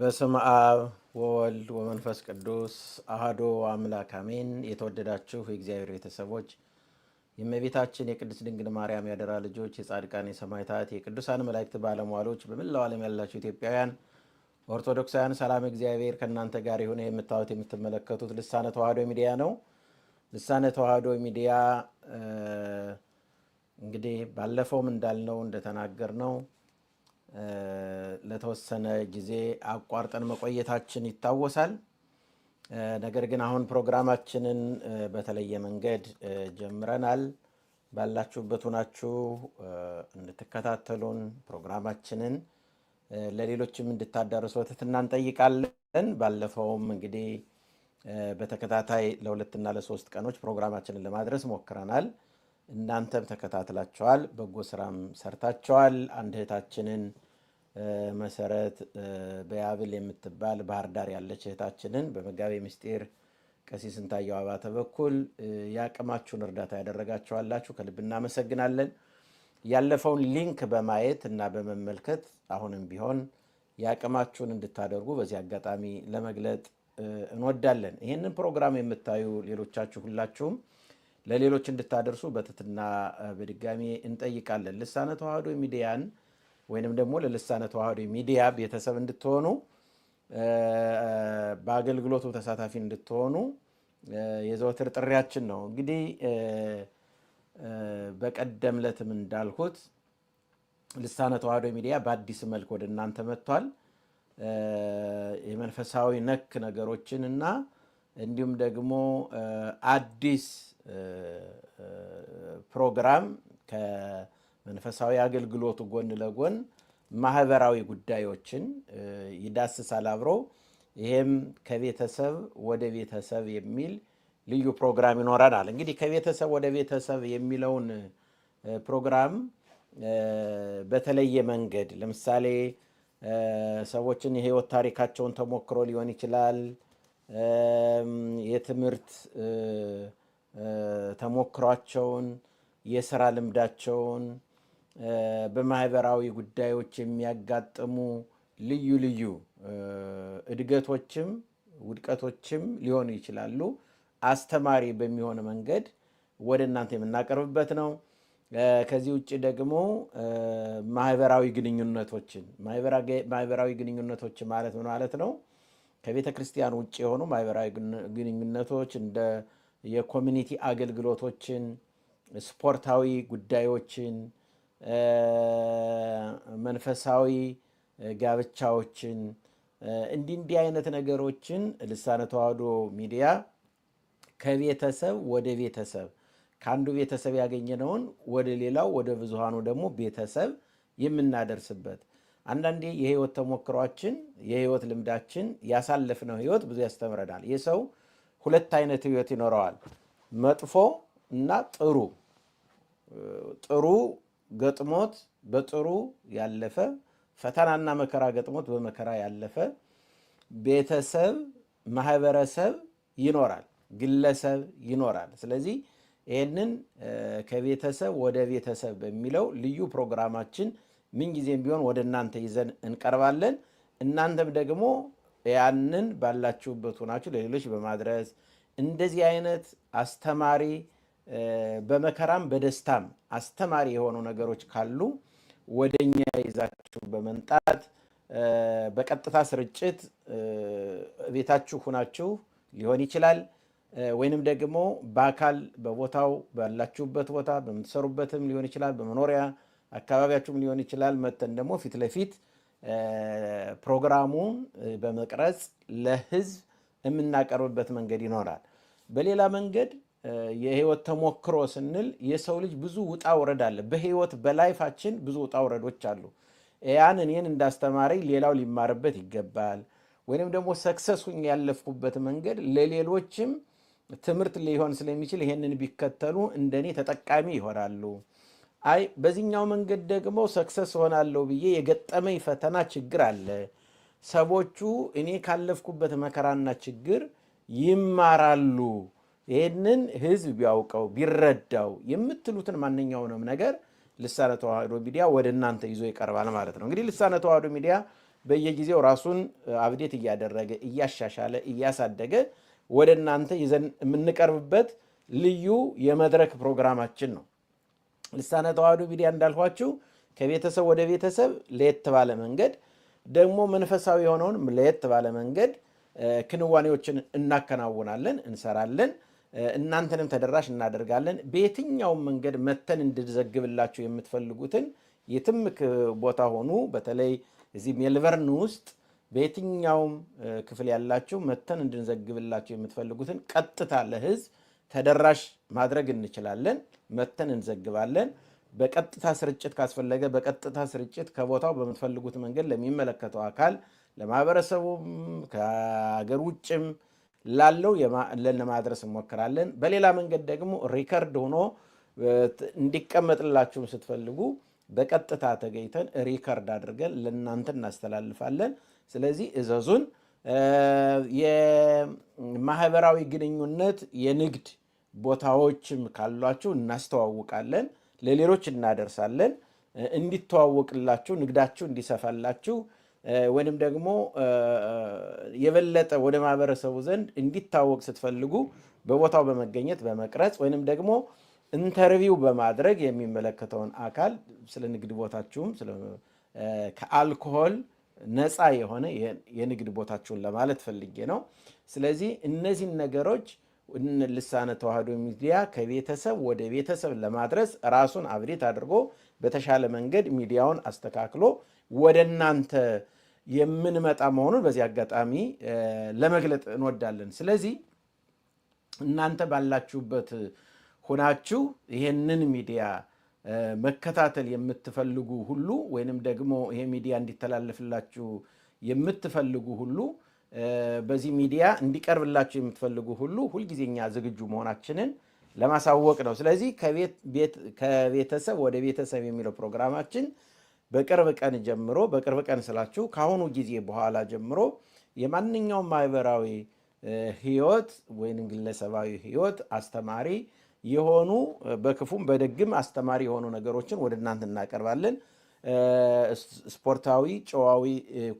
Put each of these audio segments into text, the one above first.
በስም አብ ወወልድ ወመንፈስ ቅዱስ አህዶ አምላክ አሜን። የተወደዳችሁ የእግዚአብሔር ቤተሰቦች የእመቤታችን የቅድስት ድንግል ማርያም ያደራ ልጆች፣ የጻድቃን የሰማዕታት፣ የቅዱሳን መላእክት ባለሟሎች፣ በመላው ዓለም ያላችሁ ኢትዮጵያውያን ኦርቶዶክሳውያን ሰላም እግዚአብሔር ከእናንተ ጋር የሆነ የምታዩት የምትመለከቱት ልሳነ ተዋህዶ ሚዲያ ነው። ልሳነ ተዋህዶ ሚዲያ እንግዲህ ባለፈውም እንዳልነው እንደተናገር ነው ለተወሰነ ጊዜ አቋርጠን መቆየታችን ይታወሳል። ነገር ግን አሁን ፕሮግራማችንን በተለየ መንገድ ጀምረናል። ባላችሁበት ሆናችሁ እንድትከታተሉን ፕሮግራማችንን ለሌሎችም እንድታዳርሱ በትህትና እንጠይቃለን። ባለፈውም እንግዲህ በተከታታይ ለሁለትና ለሶስት ቀኖች ፕሮግራማችንን ለማድረስ ሞክረናል። እናንተም ተከታትላችኋል፣ በጎ ስራም ሰርታችኋል። አንድ እህታችንን መሰረት በያብል የምትባል ባህር ዳር ያለች እህታችንን በመጋቤ ምስጢር ቀሲስ ስንታየው አባተ በኩል የአቅማችሁን እርዳታ ያደረጋችኋላችሁ ከልብ እናመሰግናለን። ያለፈውን ሊንክ በማየት እና በመመልከት አሁንም ቢሆን የአቅማችሁን እንድታደርጉ በዚህ አጋጣሚ ለመግለጥ እንወዳለን። ይህንን ፕሮግራም የምታዩ ሌሎቻችሁ ሁላችሁም ለሌሎች እንድታደርሱ በትትና በድጋሚ እንጠይቃለን። ልሳነ ተዋህዶ ሚዲያን ወይንም ደግሞ ለልሳነ ተዋህዶ ሚዲያ ቤተሰብ እንድትሆኑ በአገልግሎቱ ተሳታፊ እንድትሆኑ የዘወትር ጥሪያችን ነው። እንግዲህ በቀደም ለትም እንዳልኩት ልሳነ ተዋህዶ ሚዲያ በአዲስ መልክ ወደ እናንተ መጥቷል። የመንፈሳዊ ነክ ነገሮችን እና እንዲሁም ደግሞ አዲስ ፕሮግራም ከመንፈሳዊ አገልግሎቱ ጎን ለጎን ማህበራዊ ጉዳዮችን ይዳስሳል አብሮ። ይሄም ከቤተሰብ ወደ ቤተሰብ የሚል ልዩ ፕሮግራም ይኖረናል። እንግዲህ ከቤተሰብ ወደ ቤተሰብ የሚለውን ፕሮግራም በተለየ መንገድ ለምሳሌ ሰዎችን የህይወት ታሪካቸውን ተሞክሮ ሊሆን ይችላል የትምህርት ተሞክሯቸውን፣ የስራ ልምዳቸውን በማህበራዊ ጉዳዮች የሚያጋጥሙ ልዩ ልዩ እድገቶችም ውድቀቶችም ሊሆኑ ይችላሉ። አስተማሪ በሚሆን መንገድ ወደ እናንተ የምናቀርብበት ነው። ከዚህ ውጭ ደግሞ ማህበራዊ ግንኙነቶችን ማህበራዊ ግንኙነቶች ማለት ምን ማለት ነው? ከቤተ ክርስቲያን ውጭ የሆኑ ማህበራዊ ግንኙነቶች እንደ የኮሚኒቲ አገልግሎቶችን፣ ስፖርታዊ ጉዳዮችን፣ መንፈሳዊ ጋብቻዎችን እንዲህ እንዲህ አይነት ነገሮችን ልሳነ ተዋሕዶ ሚዲያ ከቤተሰብ ወደ ቤተሰብ ከአንዱ ቤተሰብ ያገኘነውን ወደ ሌላው ወደ ብዙሃኑ ደግሞ ቤተሰብ የምናደርስበት አንዳንዴ የህይወት ተሞክሯችን የህይወት ልምዳችን ያሳለፍነው ህይወት ብዙ ያስተምረናል። ይህ ሰው ሁለት አይነት ህይወት ይኖረዋል፣ መጥፎ እና ጥሩ። ጥሩ ገጥሞት በጥሩ ያለፈ፣ ፈተናና መከራ ገጥሞት በመከራ ያለፈ ቤተሰብ፣ ማህበረሰብ ይኖራል፣ ግለሰብ ይኖራል። ስለዚህ ይህንን ከቤተሰብ ወደ ቤተሰብ በሚለው ልዩ ፕሮግራማችን ምንጊዜም ቢሆን ወደ እናንተ ይዘን እንቀርባለን። እናንተም ደግሞ ያንን ባላችሁበት ሆናችሁ ለሌሎች በማድረስ እንደዚህ አይነት አስተማሪ በመከራም በደስታም አስተማሪ የሆኑ ነገሮች ካሉ ወደኛ ይዛችሁ በመምጣት በቀጥታ ስርጭት ቤታችሁ ሁናችሁ ሊሆን ይችላል። ወይንም ደግሞ በአካል በቦታው ባላችሁበት ቦታ በምትሰሩበትም ሊሆን ይችላል፣ በመኖሪያ አካባቢያችሁም ሊሆን ይችላል። መተን ደግሞ ፊት ለፊት ፕሮግራሙን በመቅረጽ ለህዝብ የምናቀርብበት መንገድ ይኖራል። በሌላ መንገድ የህይወት ተሞክሮ ስንል የሰው ልጅ ብዙ ውጣ ውረድ አለ። በህይወት በላይፋችን ብዙ ውጣ ውረዶች አሉ። ያን እኔን እንዳስተማረኝ ሌላው ሊማርበት ይገባል። ወይም ደግሞ ሰክሰሱን ያለፍኩበት መንገድ ለሌሎችም ትምህርት ሊሆን ስለሚችል ይሄንን ቢከተሉ እንደኔ ተጠቃሚ ይሆናሉ። አይ በዚህኛው መንገድ ደግሞ ሰክሰስ ሆናለሁ ብዬ የገጠመኝ ፈተና ችግር አለ። ሰዎቹ እኔ ካለፍኩበት መከራና ችግር ይማራሉ፣ ይህንን ህዝብ ቢያውቀው ቢረዳው የምትሉትን ማንኛውንም ነገር ልሳነ ተዋህዶ ሚዲያ ወደ እናንተ ይዞ ይቀርባል ማለት ነው። እንግዲህ ልሳነ ተዋህዶ ሚዲያ በየጊዜው ራሱን አብዴት እያደረገ እያሻሻለ እያሳደገ ወደ እናንተ ይዘን የምንቀርብበት ልዩ የመድረክ ፕሮግራማችን ነው። ልሳነ ተዋህዶ ቢዲያ እንዳልኳችሁ ከቤተሰብ ወደ ቤተሰብ ለየት ባለ መንገድ ደግሞ መንፈሳዊ የሆነውን ለየት ባለ መንገድ ክንዋኔዎችን እናከናውናለን፣ እንሰራለን። እናንተንም ተደራሽ እናደርጋለን። በየትኛውም መንገድ መተን እንድዘግብላችሁ የምትፈልጉትን የትም ቦታ ሆኑ፣ በተለይ እዚህ ሜልበርን ውስጥ በየትኛውም ክፍል ያላችሁ መተን እንድንዘግብላችሁ የምትፈልጉትን ቀጥታ ለህዝብ ተደራሽ ማድረግ እንችላለን። መተን እንዘግባለን። በቀጥታ ስርጭት ካስፈለገ በቀጥታ ስርጭት ከቦታው በምትፈልጉት መንገድ ለሚመለከተው አካል ለማህበረሰቡም ከሀገር ውጭም ላለው ለማድረስ እንሞክራለን። በሌላ መንገድ ደግሞ ሪከርድ ሆኖ እንዲቀመጥላችሁም ስትፈልጉ በቀጥታ ተገኝተን ሪከርድ አድርገን ለእናንተ እናስተላልፋለን። ስለዚህ እዘዙን። የማህበራዊ ግንኙነት የንግድ ቦታዎችም ካሏችሁ እናስተዋውቃለን፣ ለሌሎች እናደርሳለን። እንዲተዋወቅላችሁ፣ ንግዳችሁ እንዲሰፋላችሁ ወይንም ደግሞ የበለጠ ወደ ማህበረሰቡ ዘንድ እንዲታወቅ ስትፈልጉ በቦታው በመገኘት በመቅረጽ ወይንም ደግሞ ኢንተርቪው በማድረግ የሚመለከተውን አካል ስለ ንግድ ቦታችሁም ከአልኮሆል ነፃ የሆነ የንግድ ቦታችሁን ለማለት ፈልጌ ነው። ስለዚህ እነዚህን ነገሮች ልሳነ ተዋህዶ ሚዲያ ከቤተሰብ ወደ ቤተሰብ ለማድረስ ራሱን አብዴት አድርጎ በተሻለ መንገድ ሚዲያውን አስተካክሎ ወደ እናንተ የምንመጣ መሆኑን በዚህ አጋጣሚ ለመግለጥ እንወዳለን። ስለዚህ እናንተ ባላችሁበት ሆናችሁ ይህንን ሚዲያ መከታተል የምትፈልጉ ሁሉ ወይንም ደግሞ ይሄ ሚዲያ እንዲተላለፍላችሁ የምትፈልጉ ሁሉ በዚህ ሚዲያ እንዲቀርብላችሁ የምትፈልጉ ሁሉ ሁልጊዜኛ ዝግጁ መሆናችንን ለማሳወቅ ነው። ስለዚህ ከቤተሰብ ወደ ቤተሰብ የሚለው ፕሮግራማችን በቅርብ ቀን ጀምሮ በቅርብ ቀን ስላችሁ ከአሁኑ ጊዜ በኋላ ጀምሮ የማንኛውም ማህበራዊ ህይወት ወይም ግለሰባዊ ህይወት አስተማሪ የሆኑ በክፉም በደግም አስተማሪ የሆኑ ነገሮችን ወደ እናንተ እናቀርባለን። ስፖርታዊ ጨዋዊ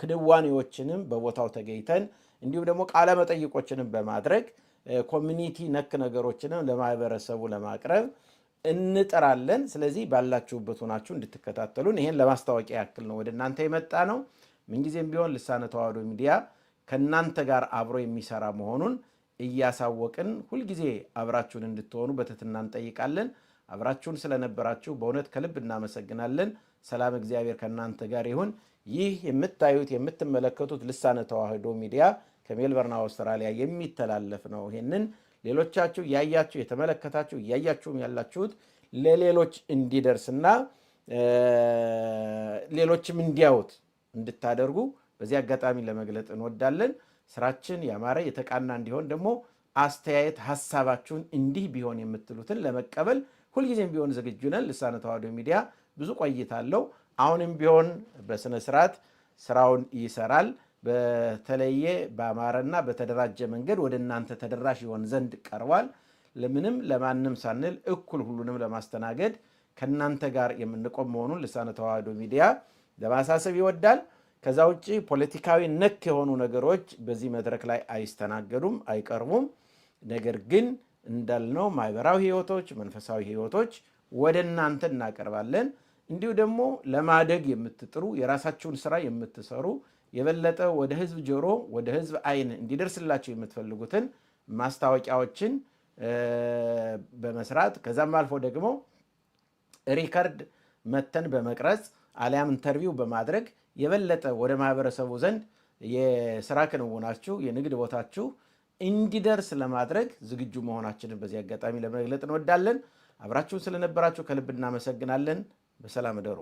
ክንዋኔዎችንም በቦታው ተገኝተን እንዲሁም ደግሞ ቃለ መጠይቆችንም በማድረግ ኮሚኒቲ ነክ ነገሮችንም ለማህበረሰቡ ለማቅረብ እንጥራለን። ስለዚህ ባላችሁበት ሆናችሁ እንድትከታተሉን ይሄን ለማስታወቂያ ያክል ነው ወደ እናንተ የመጣ ነው። ምንጊዜም ቢሆን ልሳነ ተዋህዶ ሚዲያ ከእናንተ ጋር አብሮ የሚሰራ መሆኑን እያሳወቅን ሁልጊዜ አብራችሁን እንድትሆኑ በትህትና እንጠይቃለን። አብራችሁን ስለነበራችሁ በእውነት ከልብ እናመሰግናለን። ሰላም እግዚአብሔር ከእናንተ ጋር ይሁን። ይህ የምታዩት የምትመለከቱት ልሳነ ተዋህዶ ሚዲያ ከሜልበርን አውስትራሊያ የሚተላለፍ ነው። ይህንን ሌሎቻችሁ ያያችሁ የተመለከታችሁ እያያችሁም ያላችሁት ለሌሎች እንዲደርስና ሌሎችም እንዲያዩት እንድታደርጉ በዚህ አጋጣሚ ለመግለጥ እንወዳለን። ስራችን ያማረ የተቃና እንዲሆን ደግሞ አስተያየት ሀሳባችሁን እንዲህ ቢሆን የምትሉትን ለመቀበል ሁልጊዜም ቢሆን ዝግጁ ነን። ልሳነ ተዋሕዶ ሚዲያ ብዙ ቆይታ አለው። አሁንም ቢሆን በስነ ስርዓት ስራውን ይሰራል። በተለየ በአማረና በተደራጀ መንገድ ወደ እናንተ ተደራሽ ይሆን ዘንድ ቀርቧል። ለምንም ለማንም ሳንል እኩል ሁሉንም ለማስተናገድ ከእናንተ ጋር የምንቆም መሆኑን ልሳነ ተዋህዶ ሚዲያ ለማሳሰብ ይወዳል። ከዛ ውጭ ፖለቲካዊ ነክ የሆኑ ነገሮች በዚህ መድረክ ላይ አይስተናገዱም፣ አይቀርቡም። ነገር ግን እንዳልነው ማህበራዊ ህይወቶች፣ መንፈሳዊ ህይወቶች ወደ እናንተ እናቀርባለን። እንዲሁ ደግሞ ለማደግ የምትጥሩ የራሳችሁን ስራ የምትሰሩ የበለጠ ወደ ህዝብ ጆሮ ወደ ህዝብ አይን እንዲደርስላቸው የምትፈልጉትን ማስታወቂያዎችን በመስራት ከዛም አልፎ ደግሞ ሪከርድ መተን በመቅረጽ አሊያም ኢንተርቪው በማድረግ የበለጠ ወደ ማህበረሰቡ ዘንድ የስራ ክንውናችሁ የንግድ ቦታችሁ እንዲደርስ ለማድረግ ዝግጁ መሆናችንን በዚህ አጋጣሚ ለመግለጥ እንወዳለን። አብራችሁን ስለነበራችሁ ከልብ እናመሰግናለን። በሰላም እደሩ።